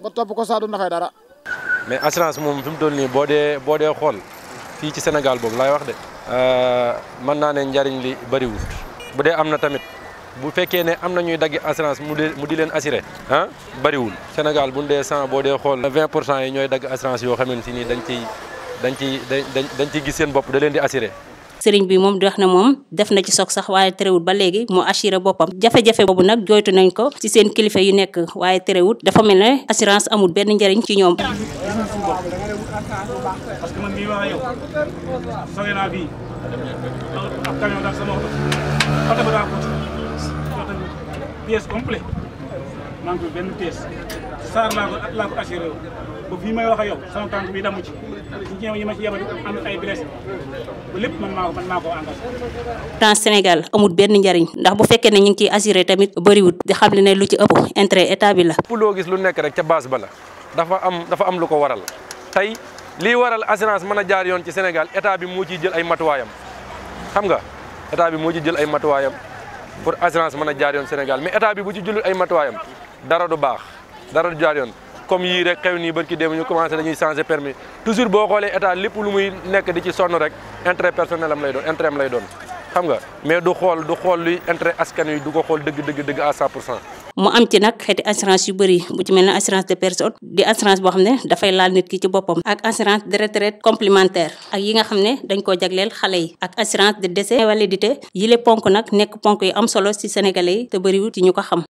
nga topp ko saa du dara. mais assurance moom fi mu toll nii boo dee boo dee xool fii ci Sénégal boobu laay wax de. Euh, mën naa ne njariñ li bëriwul bu dee am na tamit bu fekkee ne am na ñuy dagg assurance mu de mu di leen assuré ah bëriwul Sénégal bu dee cent boo dee xool vingt pour cent yi ñooy dagg assurance yoo xamante ni dañ ciy dañ ciy dañ dañ ciy gis seen bopp da leen di assuré. sëriñ bi moom di wax ne moom def na ci soog sax waaye terewul ba léegi mu assuré boppam jafe-jafe boobu nag jooytu nañ ko ci seen kilifa yu nekk waaye terewul dafa mel ne assurance amul benn njariñ ci ñoom maa ngi koy may wax yow sama tànk bi damu ci yi ma ci man maa ko man maa Sénégal amul benn njariñ ndax bu fekkee ne ñu ngi ciy assuré tamit bëriwut di xam ne lu ci ëpp intérêt état bi la ëpp loo gis lu nekk rek ca base ba la dafa am dafa am lu ko waral tey lii waral assurance mën a jaar yoon ci Sénégal état bi moo ciy jël ay matuwaayam xam nga état bi moo ci jël ay matuwaayam pour assurance mën a jaar yoon Sénégal mais état bi bu ci jëlul ay matuwaayam dara du baax dara du jaar yoon comme yii rek xew nii barki démb ñu commencé dañuy changer permis toujours boo xoolee état lépp lu muy nekk di ci sonn rek intérêt personnel am lay doon intérêt am lay doon nga mais du xool du xool luy intérêt askan wi du ko xool dëgg dëgg dëgg mu am ci nag xeeti assurance yu bëri mu ci mel ne assurance de personne di assurance boo xam ne dafay laal nit ki ci boppam ak assurance de retraite complémentaire ak yi nga xam ne dañ koo jagleel xale yi ak assurance de décès invalidité yile ponk nag nekk ponk yu am solo ci sénégalais te bëriwul ci ñu ko xam